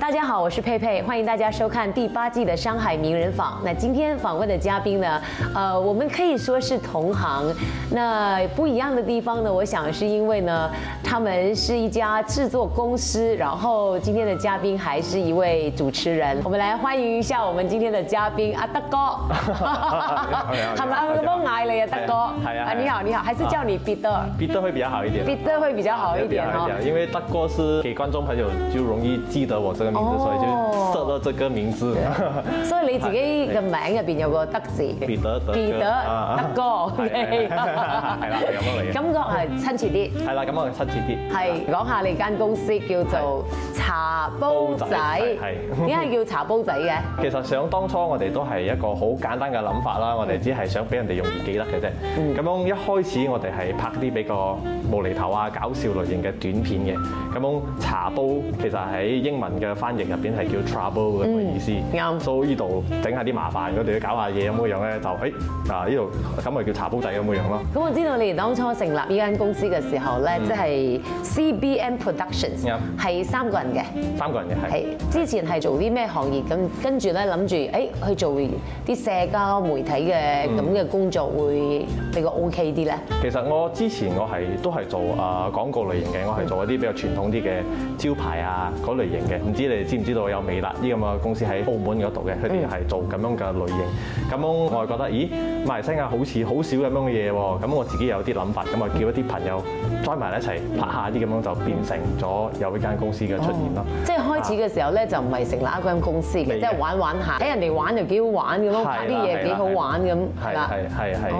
大家好，我是佩佩，歡迎大家收看第八季的《商海名人訪》。那今天訪問的嘉賓呢，呃，我們可以說是同行。那不一樣的地方呢，我想是因為呢，他們是一家製作公司，然後今天的嘉賓還是一位主持人。我們來歡迎一下我們今天的嘉賓阿德哥，他們都來了呀， 德哥。哎呀，嗯嗯。你好，啊，你好，還是叫你彼得，彼得會比較好一點。彼得會比較好一點哈，啊。因為德哥是給觀眾朋友就容易記得我這個。哦，收咗這歌名字，名字，所以你自己嘅名入邊有個德字。彼得，得，德哥，德哥，係啦，咁樣嚟嘅。感覺係親切啲。係啦，咁啊親切啲。係講下你間公司叫做茶煲仔，係點解叫茶煲仔嘅？其實想當初我哋都係一個好簡單嘅諗法啦，我哋只係想俾人哋容易記得嘅啫。咁樣一開始我哋係拍啲比較無厘頭啊、搞笑類型嘅短片嘅。咁樣茶煲其實喺英文嘅翻譯入邊係叫 trouble 嘅意思對對所以這裡，啱到依度整下啲麻煩佢哋要搞下嘢咁嘅樣咧，就誒啊呢度咁咪叫茶煲仔咁嘅樣咯。咁我知道你哋當初成立呢間公司嘅時候咧，即係 CBM Productions，係三個人嘅，三個人嘅係係之前係做啲咩行業？咁跟住咧諗住誒去做啲社交媒體嘅咁嘅工作會比較 OK 啲咧。其實我之前我係都係做啊廣告類型嘅，我係做一啲比較傳統啲嘅招牌啊類型嘅，唔知。你知唔知道有美納呢咁嘅公司喺澳門嗰度嘅？佢哋係做咁樣嘅類型。咁我係覺得，咦，馬來西亞好似好少咁樣嘅嘢喎。咁我自己有啲諗法，咁啊叫一啲朋友 join 埋一齊拍下啲咁樣，就變成咗有一間公司嘅出現咯。即係開始嘅時候咧，就唔係成立一間公司嘅，即係玩玩下，睇人哋玩就幾好玩嘅咯，拍啲嘢幾好玩咁，係啦，係係係，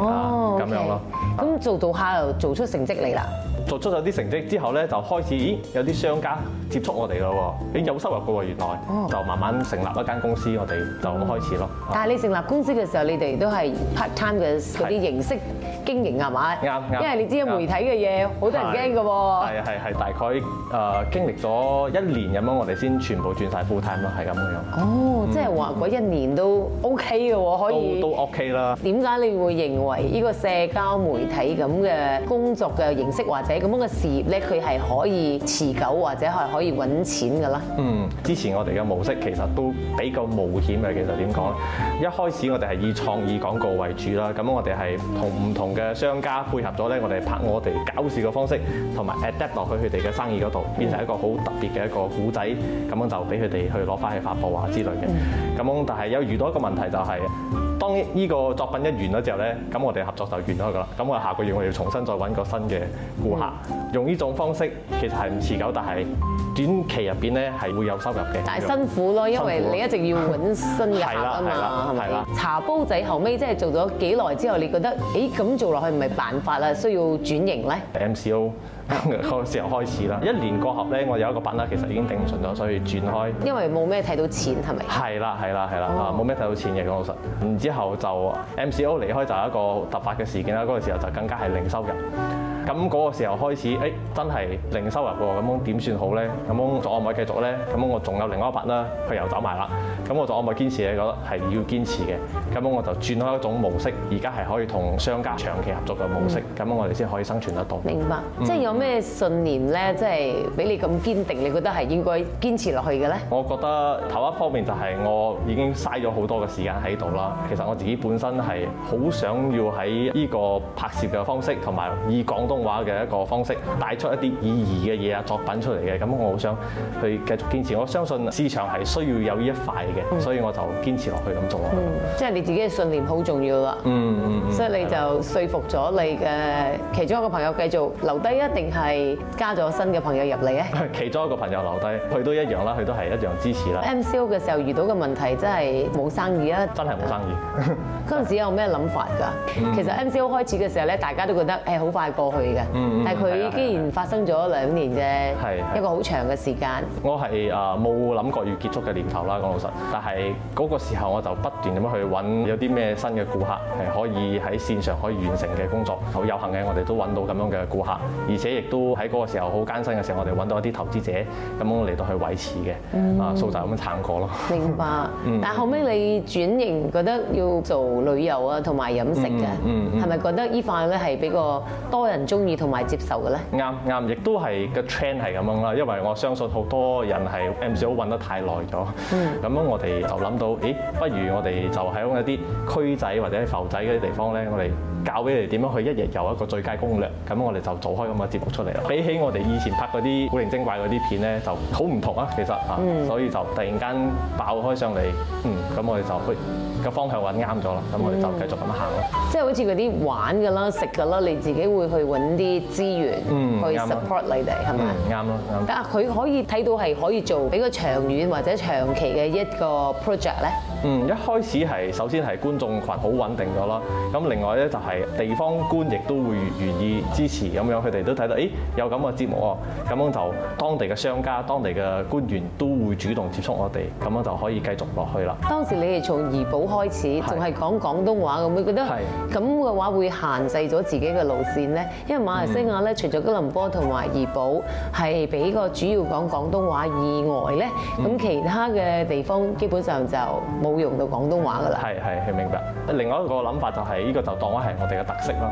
咁樣咯。咁做到下又做出成績嚟啦。做出咗啲成績之後咧，就開始咦有啲商家接觸我哋咯喎，咦有收入嘅喎原來，就慢慢成立一間公司，我哋就開始咯。但係你成立公司嘅時候，你哋都係 part time 嘅嗰啲形式經營係咪？啱啱。因為你知啊，媒體嘅嘢好多人驚嘅喎。係係係，大概誒經歷咗一年咁樣，我哋先全部轉曬 full time 咯，係咁樣樣。哦，即係話嗰一年都 OK 嘅喎，可以都 OK 啦。點解你會認為呢個社交媒體咁嘅工作嘅形式或者？咁樣嘅事業咧，佢係可以持久或者係可以揾錢㗎啦。嗯，之前我哋嘅模式其實都比較冒險嘅，其實點講咧？一開始我哋係以創意廣告為主啦，咁我哋係同唔同嘅商家配合咗咧，我哋拍我哋搞事嘅方式，同埋 adapt 落去佢哋嘅生意嗰度，變成一個好特別嘅一個古仔，咁樣就俾佢哋去攞返去發佈啊之類嘅。咁但係有遇到一個問題就係、是。當呢個作品一完咗之後咧，咁我哋合作就完咗噶啦。咁我下個月我哋要重新再揾個新嘅顧客，用呢種方式其實係唔持久，但係短期入邊咧係會有收入嘅。但係辛苦咯，因為你一直要揾新嘅客啊嘛。係啦係啦，茶煲仔後尾即係做咗幾耐之後，你覺得誒咁做落去唔係辦法啦，需要轉型咧。MCO 嗰 個時候開始啦，一年過後咧，我有一個品啦，其實已經頂唔順咗，所以轉開。因為冇咩睇到錢係咪？係啦係啦係啦啊，冇咩睇到錢嘅講老實。然之後就 MCO 離開就係一個突發嘅事件啦。嗰個時候就更加係零收入。咁嗰個時候開始，誒真係零收入喎。咁樣點算好咧？咁樣仲可唔可以繼續咧？咁我仲有另外一品啦，佢又走埋啦。咁我就可唔可以堅持咧？覺得係要堅持嘅。咁樣我就轉開一種模式，而家係可以同商家長期合作嘅模式。咁樣我哋先可以生存得到。明白，即係有咩信念咧，即係俾你咁堅定？你覺得係應該堅持落去嘅咧？我覺得頭一方面就係我已經嘥咗好多嘅時間喺度啦。其實我自己本身係好想要喺呢個拍攝嘅方式，同埋以廣東話嘅一個方式帶出一啲意義嘅嘢啊，作品出嚟嘅。咁我好想去繼續堅持。我相信市場係需要有呢一塊嘅，所以我就堅持落去咁做咯、嗯。即係你自己嘅信念好重要啦、嗯。嗯嗯。即係你就説服咗你嘅其中一個朋友繼續留低，一定係加咗新嘅朋友入嚟咧。其中一個朋友留低，佢都一樣啦，佢都係一樣支持啦。MCO 嘅時候遇到嘅問題真係冇生意啊！真係冇生意。嗰陣時有咩諗法㗎？其實 MCO 開始嘅時候咧，大家都覺得誒好快過去嘅。但係佢既然發生咗兩年啫，係一個好長嘅時間。我係啊冇諗過要結束嘅念頭啦，講老實。但係嗰個時候我就不斷咁樣去揾有啲咩新嘅顧客係可以喺線上可以完成嘅工作，好有幸嘅，我哋都揾到咁樣嘅顧客，而且亦都喺嗰個時候好艱辛嘅時候，我哋揾到一啲投資者咁樣嚟到去維持嘅，啊，收集咁樣撐過咯。明白，但後尾你轉型覺得要做旅遊啊，同埋飲食嘅，係咪覺得依塊咧係比較多人中意同埋接受嘅咧？啱啱，亦都係個 trend 係咁樣啦，因為我相信好多人係 M. C. O. 揾得太耐咗，咁樣我哋就諗到，咦，不如我哋就喺一啲區仔或者浮仔嗰啲地方。咧，我哋教俾你點樣去一日遊一個最佳攻略，咁我哋就做開咁嘅節目出嚟啦。比起我哋以前拍嗰啲古靈精怪嗰啲片咧，就好唔同啊。其實啊，所以就突然間爆開上嚟，嗯，咁我哋就去個方向揾啱咗啦。咁我哋就繼續咁行咯。即係好似嗰啲玩噶啦，食噶啦，你自己會去揾啲資源去 support 你哋，係咪？啱咯，啱。但係佢可以睇到係可以做，比較長遠或者長期嘅一個 project 咧。嗯，一開始係首先係觀眾群好穩定咗啦，咁另外咧就係地方官亦都會願意支持咁樣，佢哋都睇到，誒有咁嘅節目哦，咁樣就當地嘅商家、當地嘅官員都會主動接觸我哋，咁樣就可以繼續落去啦。當時你係從怡保開始，仲係講廣東話，咁會覺得係咁嘅話會限制咗自己嘅路線咧？因為馬來西亞咧，除咗吉隆坡同埋怡保係俾個主要講廣東話以外咧，咁其他嘅地方基本上就冇。冇用到廣東話噶啦。係，係明白。另外一個諗法就係，呢個就當開係我哋嘅特色咯。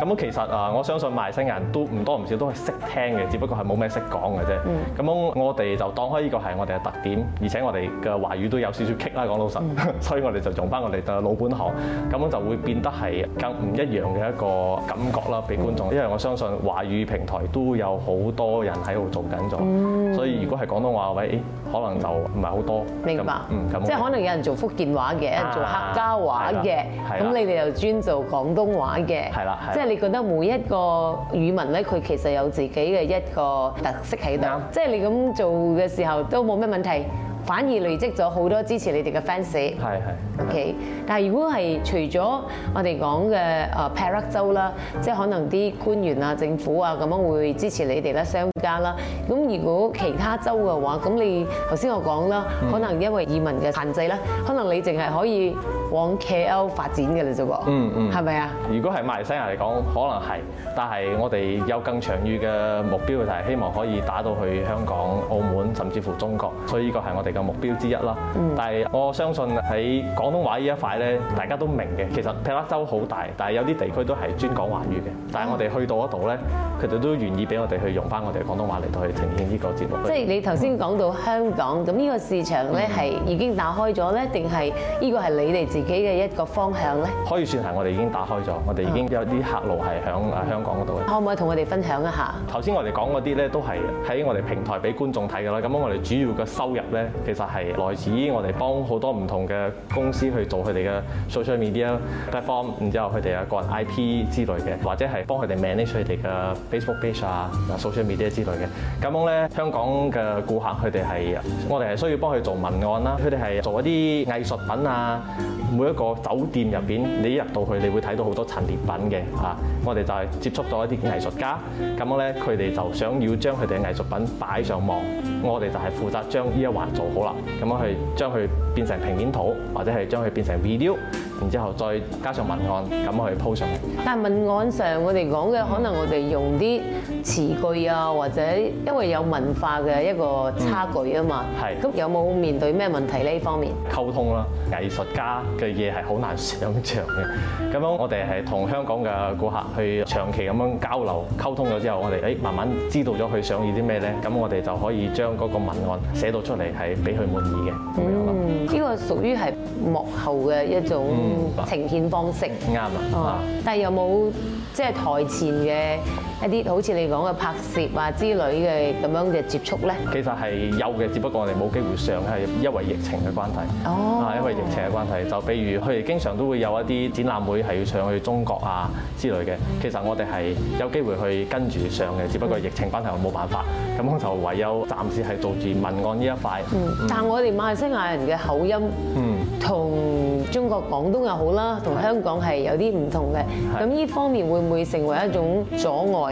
咁其實啊，我相信外省人都唔多唔少都係識聽嘅，只不過係冇咩識講嘅啫。咁我哋就當開呢個係我哋嘅特點，而且我哋嘅華語都有少少棘啦，講老實，所以我哋就用翻我哋嘅老本行，咁樣就會變得係更唔一樣嘅一個感覺啦，俾觀眾。因為我相信華語平台都有好多人喺度做緊咗，所以如果係廣東話位，可能就唔係好多。明白，咁即係可能有人做。福建話嘅，做客家話嘅，咁你哋又專做廣東話嘅，係啦，即係你覺得每一個語文呢，佢其實有自己嘅一個特色喺度，即係你咁做嘅時候都冇咩問題。反而累積咗好多支持你哋嘅 fans。係係。OK，但係如果係除咗我哋講嘅啊 Perak 州啦，即係可能啲官員啊、政府啊咁樣會支持你哋啦、商家啦。咁如果其他州嘅話，咁你頭先我講啦，可能因為移民嘅限制啦，可能你淨係可以，往 KL 發展嘅嘞，啫噃。嗯嗯。係咪啊？如果係馬來西亞嚟講，可能係，但係我哋有更長遠嘅目標就係希望可以打到去香港、澳門，甚至乎中國，所以呢個係我哋嘅目標之一啦。但係我相信喺廣東話呢一塊呢，大家都明嘅。其實霹靂州好大，但係有啲地區都係專講華語嘅。但係我哋去到嗰度呢，佢哋都願意俾我哋去用翻我哋廣東話嚟到去呈現呢個節目。即係你頭先講到香港，咁、嗯、呢個市場呢，係已經打開咗咧，定係呢個係你哋自己自己嘅一個方向咧，可以算係我哋已經打開咗。我哋已經有啲客路係響啊香港嗰度嘅。可唔可以同我哋分享一下？頭先我哋講嗰啲咧，都係喺我哋平台俾觀眾睇㗎喇。咁我哋主要嘅收入咧，其實係來自於我哋幫好多唔同嘅公司去做佢哋嘅 social media platform，然之後佢哋有個人 IP 之類嘅，或者係幫佢哋 manage 佢哋嘅 Facebook page 啊、social media 之類嘅。咁樣咧，香港嘅顧客佢哋係我哋係需要幫佢做文案啦，佢哋係做一啲藝術品啊。每一個酒店入邊，你一入到去，你會睇到好多陳列品嘅嚇。我哋就係接觸到一啲藝術家，咁樣咧，佢哋就想要將佢哋嘅藝術品擺上網。我哋就係負責將呢一環做好啦，咁樣去將佢變成平面圖，或者係將佢變成 video。然之後再加上文案咁去鋪上去，但係文案上我哋講嘅可能我哋用啲詞句啊，或者因為有文化嘅一個差距啊嘛，係咁有冇面對咩問題呢方面？溝通啦，藝術家嘅嘢係好難想像嘅。咁樣我哋係同香港嘅顧客去長期咁樣交流溝通咗之後，我哋誒慢慢知道咗佢想要啲咩咧，咁我哋就可以將嗰個文案寫到出嚟係俾佢滿意嘅，咁樣咯。呢個屬於係幕後嘅一種。呈現方式啱啊，但係又冇即係台前嘅。一啲好似你講嘅拍攝啊之類嘅咁樣嘅接觸咧，其實係有嘅，只不過我哋冇機會上，係因為疫情嘅關係哦，係因為疫情嘅關係，就比如佢哋經常都會有一啲展覽會係要上去中國啊之類嘅，其實我哋係有機會去跟住上嘅，只不過疫情關係我冇辦法，咁就唯有暫時係做住文案呢一塊，嗯，但係我哋馬來西亞人嘅口音，嗯，同中國廣東又好啦，同香港係有啲唔同嘅，咁呢方面會唔會成為一種阻礙？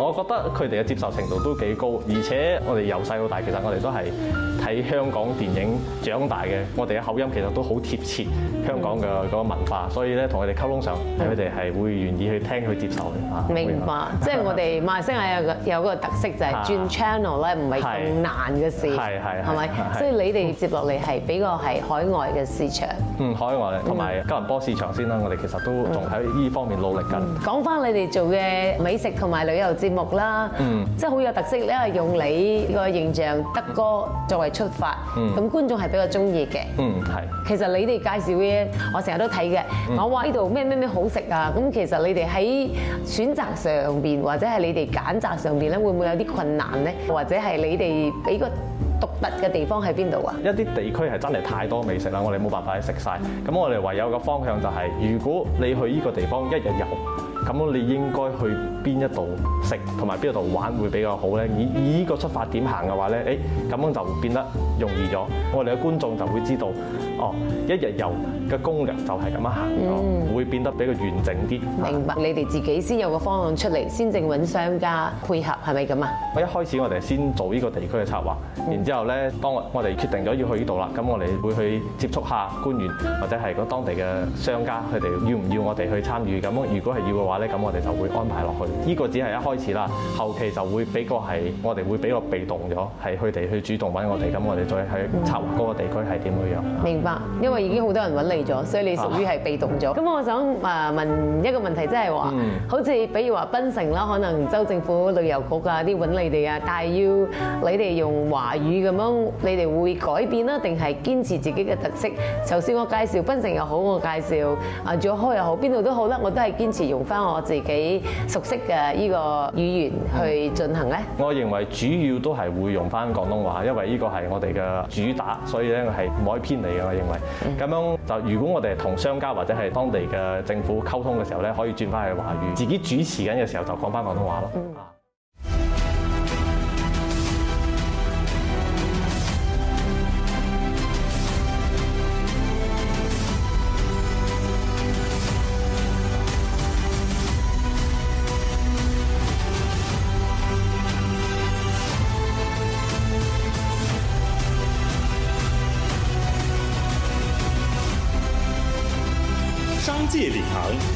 我覺得佢哋嘅接受程度都幾高，而且我哋由細到大，其實我哋都係睇香港電影長大嘅，我哋嘅口音其實都好貼切香港嘅嗰個文化，所以咧同佢哋溝通上，佢哋係會願意去聽去接受嘅嚇。明白，即係我哋馬來西亞有個有個特色就係轉 channel 咧，唔係咁難嘅事，係係係咪？所以你哋接落嚟係比較係海外嘅市場，嗯，海外同埋吉隆坡市場先啦。我哋其實都仲喺依方面努力緊。講翻你哋做嘅美食同埋旅遊節目啦，嗯，即係好有特色，係用你個形象德哥作為出發，嗯，咁觀眾係比較中意嘅，嗯係。其實你哋介紹嘢，我成日都睇嘅，我話呢度咩咩咩好食啊！咁其實你哋喺選擇上邊，或者係你哋揀擇上邊咧，會唔會有啲困難咧？或者係你哋俾個獨特嘅地方喺邊度啊？一啲地區係真係太多美食啦，我哋冇辦法去食曬，咁我哋唯有個方向就係，如果你去依個地方一日遊。咁樣你應該去邊一度食同埋邊一度玩會比較好咧？以以呢個出發點行嘅話咧，誒咁樣就會變得容易咗。我哋嘅觀眾就會知道，哦，一日遊嘅攻略就係咁樣行咯，會變得比較完整啲。明白。你哋自己先有個方案出嚟，先正揾商家配合，係咪咁啊？我一開始我哋先做呢個地區嘅策劃，然之後咧，當我哋決定咗要去呢度啦，咁我哋會去接觸下官員或者係個當地嘅商家，佢哋要唔要我哋去參與？咁如果係要嘅話。咁我哋就會安排落去，呢個只係一開始啦，後期就會比較係我哋會比較被動咗，係佢哋去主動揾我哋，咁我哋再去策劃嗰個地區係點樣樣。明白，因為已經好多人揾你咗，所以你屬於係被動咗。咁我想啊問一個問題，即係話，好似比如話檳城啦，可能州政府旅遊局啊啲揾你哋啊，但係要你哋用華語咁樣，你哋會改變啦，定係堅持自己嘅特色？就算我介紹檳城又好，我介紹啊仲開又好，邊度都好啦，我都係堅持用翻我自己熟悉嘅呢個語言去進行咧，我認為主要都係會用翻廣東話，因為呢個係我哋嘅主打，所以咧係唔可以偏離嘅。我認為咁樣就，如果我哋同商家或者係當地嘅政府溝通嘅時候咧，可以轉翻去華語，自己主持緊嘅時候就講翻廣東話咯。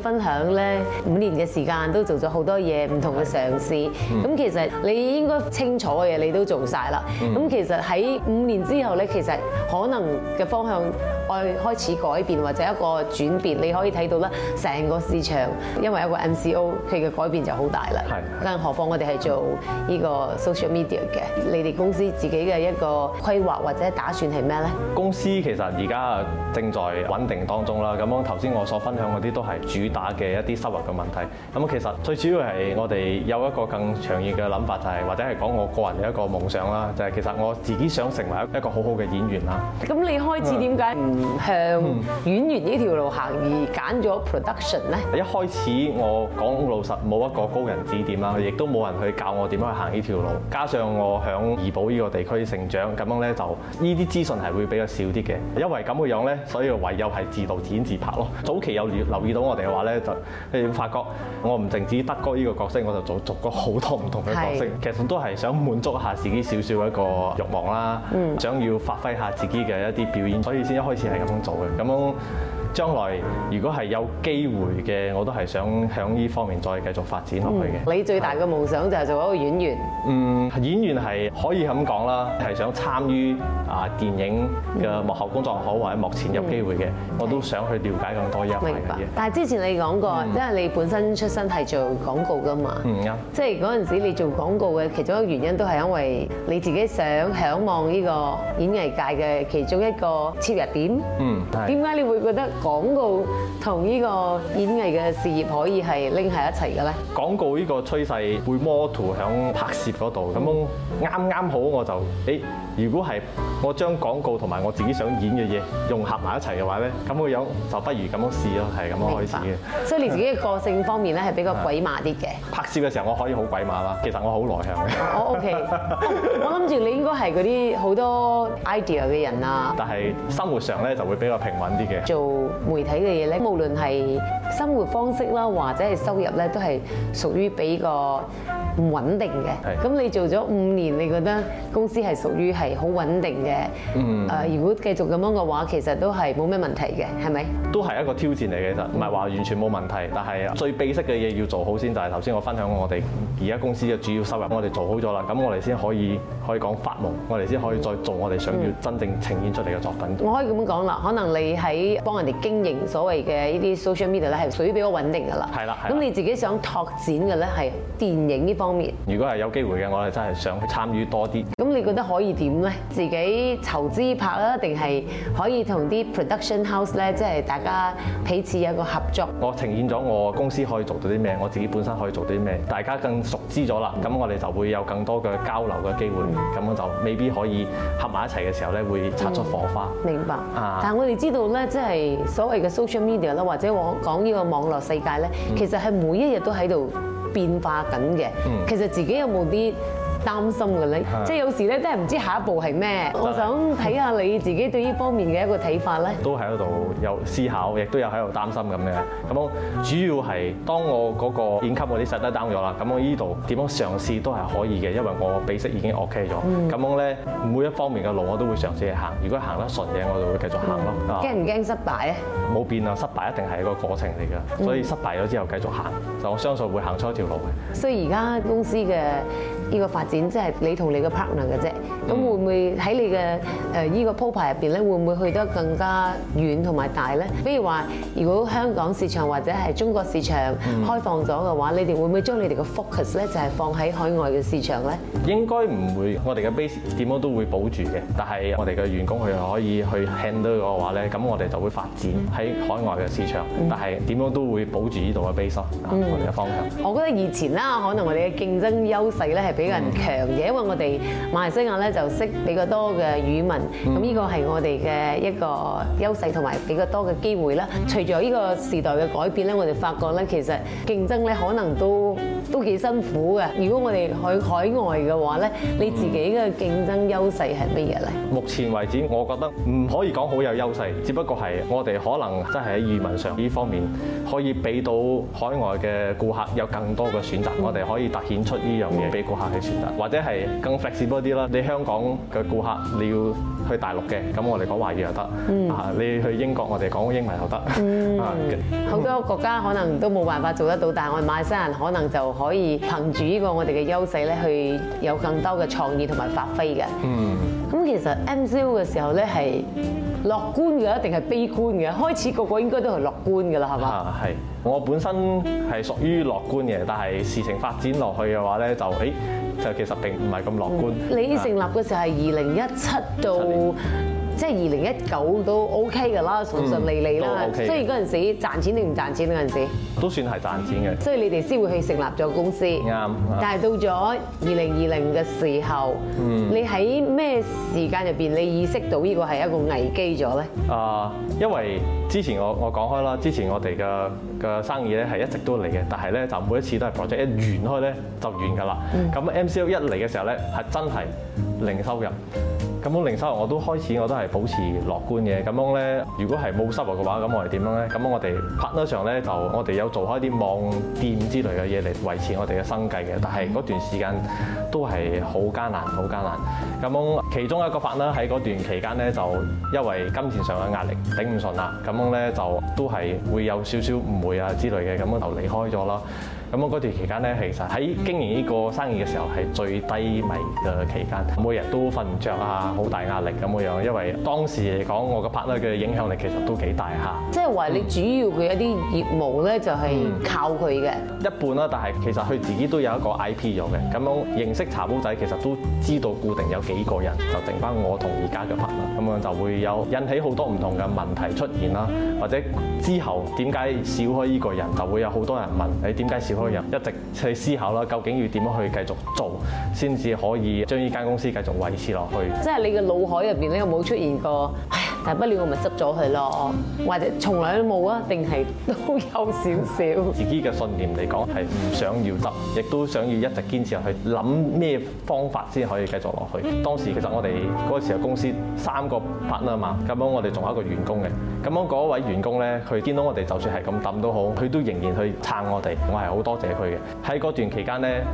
分享咧五年嘅時間都做咗好多嘢唔同嘅嘗試。咁其實你應該清楚嘅嘢你都做晒啦。咁其實喺五年之後咧，其實可能嘅方向愛開始改變或者一個轉變。你可以睇到啦。成個市場因為一個 MCO，佢嘅改變就好大啦。係更何況我哋係做呢個 social media 嘅，你哋公司自己嘅一個規劃或者打算係咩咧？公司其實而家正在穩定當中啦。咁樣頭先我所分享啲都係主。打嘅一啲收入嘅問題，咁其實最主要係我哋有一個更長遠嘅諗法，就係或者係講我個人嘅一個夢想啦，就係其實我自己想成為一個好好嘅演員啦。咁你開始點解唔向演員呢條路行，而揀咗 production 咧？一開始我講老實冇一個高人指點啦，亦都冇人去教我點樣去行呢條路。加上我響怡保呢個地區成長，咁樣咧就呢啲資訊係會比較少啲嘅。因為咁嘅樣咧，所以唯有係自導自演自拍咯。早期有留意到我哋嘅話。咧就你發覺，我唔淨止德哥依個角色，我就做做過好多唔同嘅角色。其實都係想滿足下自己少少一個欲望啦，想要發揮下自己嘅一啲表演，所以先一開始係咁樣做嘅。咁樣。將來如果係有機會嘅，我都係想喺呢方面再繼續發展落去嘅。你最大嘅夢想就係做一個演員。嗯，演員係可以咁講啦，係想參與啊電影嘅幕後工作，好或者幕前有機會嘅，我都想去了解更多一啲。明白，明白。但之前你講過，因為你本身出身係做廣告㗎嘛，即係嗰陣時你做廣告嘅其中一個原因都係因為你自己想嚮望呢個演藝界嘅其中一個切入點。嗯，係。點解你會覺得？廣告同呢個演藝嘅事業可以係拎喺一齊嘅咧？廣告呢個趨勢會摸圖響拍攝嗰度，咁樣啱啱好我就誒。如果係我將廣告同埋我自己想演嘅嘢融合埋一齊嘅話咧，咁我有就不如咁樣試咯，係咁樣開始嘅。所以你自己嘅個性方面咧係比較鬼馬啲嘅。拍攝嘅時候我可以好鬼馬啦，其實我好內向嘅。我 OK，我諗住你應該係嗰啲好多 idea 嘅人啊。但係生活上咧就會比較平穩啲嘅。做。媒體嘅嘢咧，無論係生活方式啦，或者係收入咧，都係屬於俾個，唔穩定嘅，咁你做咗五年，你覺得公司係屬於係好穩定嘅？嗯。如果繼續咁樣嘅話，其實都係冇咩問題嘅，係咪？都係一個挑戰嚟嘅，其實唔係話完全冇問題，但係最悲識嘅嘢要做好先，就係頭先我分享過我哋而家公司嘅主要收入，我哋做好咗啦，咁我哋先可以可以講發夢，我哋先可以再做我哋想要真正呈現出嚟嘅作品。我可以咁講啦，可能你喺幫人哋經營所謂嘅呢啲 social media 係屬於比較穩定㗎啦。係啦，咁你自己想拓展嘅咧，係電影呢方面？如果係有機會嘅，我哋真係想去參與多啲。咁你覺得可以點呢？自己籌資拍啦，定係可以同啲 production house 咧，即係大家彼此有個合作。我呈現咗我公司可以做到啲咩，我自己本身可以做到啲咩，大家更熟知咗啦。咁我哋就會有更多嘅交流嘅機會。咁我就未必可以合埋一齊嘅時候咧，會擦出火花。明白。啊！但係我哋知道咧，即係所謂嘅 social media 啦，或者我講呢個網絡世界咧，其實係每一日都喺度。變化緊嘅，嗯，其實自己有冇啲？擔心嘅你，即係有時咧，真係唔知下一步係咩。我想睇下你自己對呢方面嘅一個睇法咧。都喺度有思考，亦都有喺度擔心咁樣。咁樣主要係當我嗰個演級嗰啲實質擔咗啦，咁我呢度點樣嘗試都係可以嘅，因為我比識已經 ok 咗。咁樣咧，每一方面嘅路我都會嘗試去行。如果行得順嘅，我就會繼續行咯。驚唔驚失敗咧？冇變啊！失敗一定係一個過程嚟㗎，所以失敗咗之後繼續行，就我相信會行出一條路嘅。所以而家公司嘅。呢、這個發展即係、就是、你同你嘅 partner 嘅啫，咁會唔會喺你嘅誒呢個鋪排入邊咧，會唔會去得更加遠同埋大咧？比如話，如果香港市場或者係中國市場開放咗嘅話，你哋會唔會將你哋嘅 focus 咧就係放喺海外嘅市場咧？應該唔會，我哋嘅 base 點樣都會保住嘅。但係我哋嘅員工佢可以去 handle 嘅話咧，咁我哋就會發展喺海外嘅市場。但係點樣都會保住呢度嘅 base 啊，我哋嘅方向。我覺得以前啦，可能我哋嘅競爭優勢咧係。比人強嘅，因為我哋馬來西亞咧就識比較多嘅語文，咁呢個係我哋嘅一個優勢同埋比較多嘅機會啦。隨住呢個時代嘅改變咧，我哋發覺咧其實競爭咧可能都。都幾辛苦嘅。如果我哋去海外嘅話咧，你自己嘅競爭優勢係乜嘢咧？目前為止，我覺得唔可以講好有優勢，只不過係我哋可能真係喺語文上呢方面可以俾到海外嘅顧客有更多嘅選擇。我哋可以凸顯出呢樣嘢俾顧客去選擇，或者係更 flexible 啲啦。你香港嘅顧客你要去大陸嘅，咁我哋講華語又得，啊，你去英國我哋講英文又得，啊。好多國家可能都冇辦法做得到，但係我哋馬新人可能就。可以憑住呢個我哋嘅優勢咧，去有更多嘅創意同埋發揮嘅。嗯，咁其實 MCO 嘅時候咧，係樂觀嘅，一定係悲觀嘅？開始個個應該都係樂觀嘅啦，係嘛？啊，係。我本身係屬於樂觀嘅，但係事情發展落去嘅話咧，就誒就其實並唔係咁樂觀。你成立嘅時候係二零一七到？即係二零一九都 OK 㗎啦，順順利利啦。所以嗰陣時賺錢定唔賺錢嗰陣時，都算係賺錢嘅。所以你哋先會去成立咗公司。啱。但係到咗二零二零嘅時候，你喺咩時間入邊，你意識到呢個係一個危機咗咧？啊，因為之前我我講開啦，之前我哋嘅嘅生意咧係一直都嚟嘅，但係咧就每一次都係 project 一完開咧就完㗎啦。咁 MCO 一嚟嘅時候咧係真係。零收入，咁樣零收入我都開始，我都係保持樂觀嘅。咁樣咧，如果係冇收入嘅話，咁我係點樣咧？咁我哋 partner 上咧就我哋有做開啲網店之類嘅嘢嚟維持我哋嘅生計嘅。但係嗰段時間都係好艱難，好艱難。咁樣其中一個法 a 喺嗰段期間咧就因為金錢上嘅壓力頂唔順啦，咁樣咧就都係會有少少誤會啊之類嘅咁樣就離開咗啦。咁我嗰段期間咧，其實喺經營呢個生意嘅時候係最低迷嘅期間，每日都瞓唔著啊，好大壓力咁樣樣，因為當時嚟講我個 partner 嘅影響力其實都幾大吓，即係話你主要佢一啲業務咧，就係靠佢嘅。一半啦，但係其實佢自己都有一個 IP 咗嘅。咁樣認識茶煲仔，其實都知道固定有幾個人，就剩翻我同而家嘅 partner。咁樣就會有引起好多唔同嘅問題出現啦，或者之後點解少開呢個人，就會有好多人問你點解少。一直去思考啦，究竟要點樣去繼續做，先至可以將呢間公司繼續維持落去真。即係你嘅腦海入邊咧，有冇出現過？大不了，我咪執咗佢咯，或者從來都冇啊，定係都有少少。自己嘅信念嚟講係唔想要執，亦都想要一直堅持落去。諗咩方法先可以繼續落去？當時其實我哋嗰時候公司三個 partner 啊嘛，咁樣我哋仲有一個員工嘅。咁樣嗰位員工咧，佢見到我哋就算係咁抌都好，佢都仍然去撐我哋。我係好多謝佢嘅。喺段期間咧，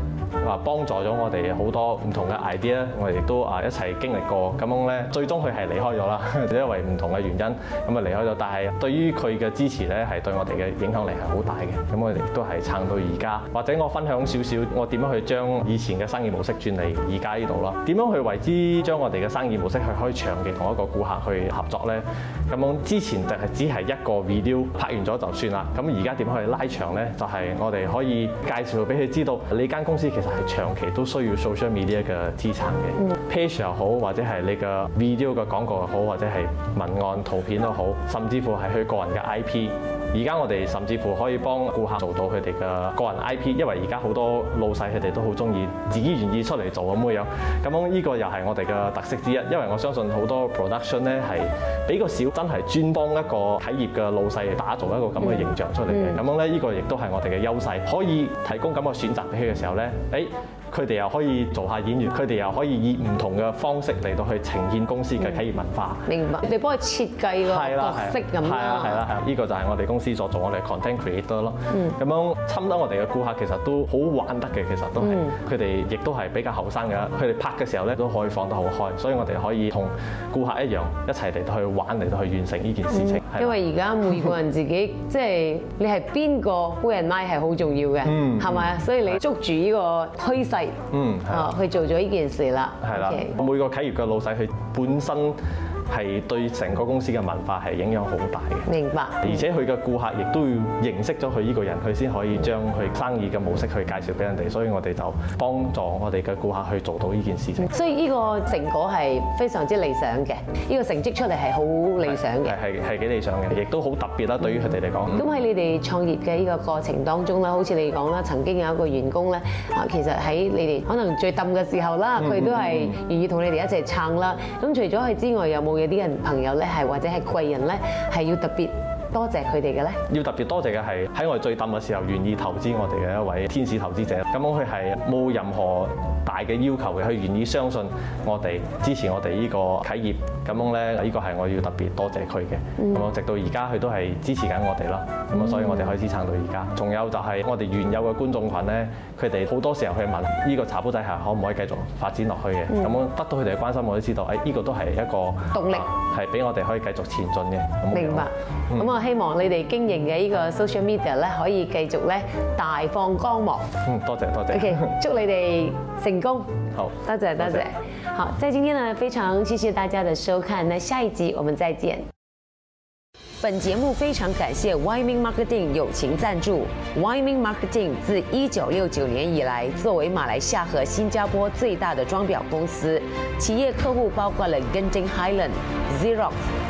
啊幫助咗我哋好多唔同嘅 idea，我哋亦都啊一齊經歷過，咁樣咧，最終佢係離開咗啦，因為，係唔同嘅原因，咁啊離開咗。但係對於佢嘅支持咧，係對我哋嘅影響力係好大嘅。咁我哋都係撐到而家。或者我分享少少，我點樣去將以前嘅生意模式轉嚟而家呢度啦？點樣去為之將我哋嘅生意模式去可以長期同一個顧客去合作呢？咁樣之前就係只係一個 video 拍完咗就算啦。咁而家點樣去拉長呢？就係我哋可以介紹俾佢知道，你間公司其實係長期都需要 social media 嘅資產嘅。page 又好，或者係你個 video 嘅廣告又好，或者係文案圖片都好，甚至乎係佢個人嘅 IP。而家我哋甚至乎可以幫顧客做到佢哋嘅個人 IP，因為而家好多老細佢哋都好中意自己願意出嚟做咁嘅樣。咁樣呢個又係我哋嘅特色之一，因為我相信好多 production 咧係比較少真係專幫一個企業嘅老細打造一個咁嘅形象出嚟嘅。咁樣咧，呢個亦都係我哋嘅優勢，可以提供咁嘅選擇俾佢嘅時候咧，誒。佢哋又可以做下演員，佢哋又可以以唔同嘅方式嚟到去呈現公司嘅企業文化。明白，你幫佢設計個角色咁樣。係啦係啦，呢個就係我哋公司做做我哋 content creator 咯。嗯。咁樣，親得我哋嘅顧客其實都好玩得嘅，其實都係，嗯。佢哋亦都係比較後生嘅，佢哋拍嘅時候咧都可以放得好開，所以我哋可以同顧客一樣一齊嚟到去玩嚟到去完成呢件事情。因為而家每個人自己，即 係你係邊個夫人 line 係好重要嘅，係咪？所以你捉住呢個趨勢，哦，去做咗呢件事啦。係啦，每個企業嘅老細佢本身。係對成個公司嘅文化係影響好大嘅，明白。而且佢嘅顧客亦都要認識咗佢呢個人，佢先可以將佢生意嘅模式去介紹俾人哋，所以我哋就幫助我哋嘅顧客去做到呢件事情。所以呢個成果係非常之理想嘅，呢個成績出嚟係好理想嘅，係係幾理想嘅，亦都好特別啦。對於佢哋嚟講，咁喺你哋創業嘅呢個過程當中啦，好似你講啦，曾經有一個員工咧，啊，其實喺你哋可能最揼嘅時候啦、嗯嗯嗯嗯，佢都係願意同你哋一齊撐啦。咁除咗佢之外，有冇？有啲人朋友咧，係或者係貴人咧，係要特別多謝佢哋嘅咧，要特別多謝嘅係喺我哋最淡嘅時候願意投資我哋嘅一位天使投資者，咁樣佢係冇任何大嘅要求嘅，佢願意相信我哋，支持我哋呢個企業，咁樣咧依個係我要特別多謝佢嘅。咁我直到而家佢都係支持緊我哋咯，咁啊，所以我哋可以支撐到而家。仲有就係我哋原有嘅觀眾群咧，佢哋好多時候去問呢個茶煲仔係可唔可以繼續發展落去嘅，咁樣得到佢哋嘅關心，我都知道，誒依個都係一個動力，係俾我哋可以繼續前進嘅。明白，咁啊。希望你哋經營嘅呢個 social media 咧，可以繼續咧大放光芒。嗯，多謝多謝。OK，祝你哋成功。謝謝謝謝，好，多謝多謝。好，在今天呢，非常謝謝大家的收看。那下一集我們再見。本節目非常感謝 Wyoming Marketing 友情贊助。Wyoming Marketing 自一九六九年以來，作為馬來西亞和新加坡最大的裝裱公司，企業客戶包括了 Genting Highland、Xerox。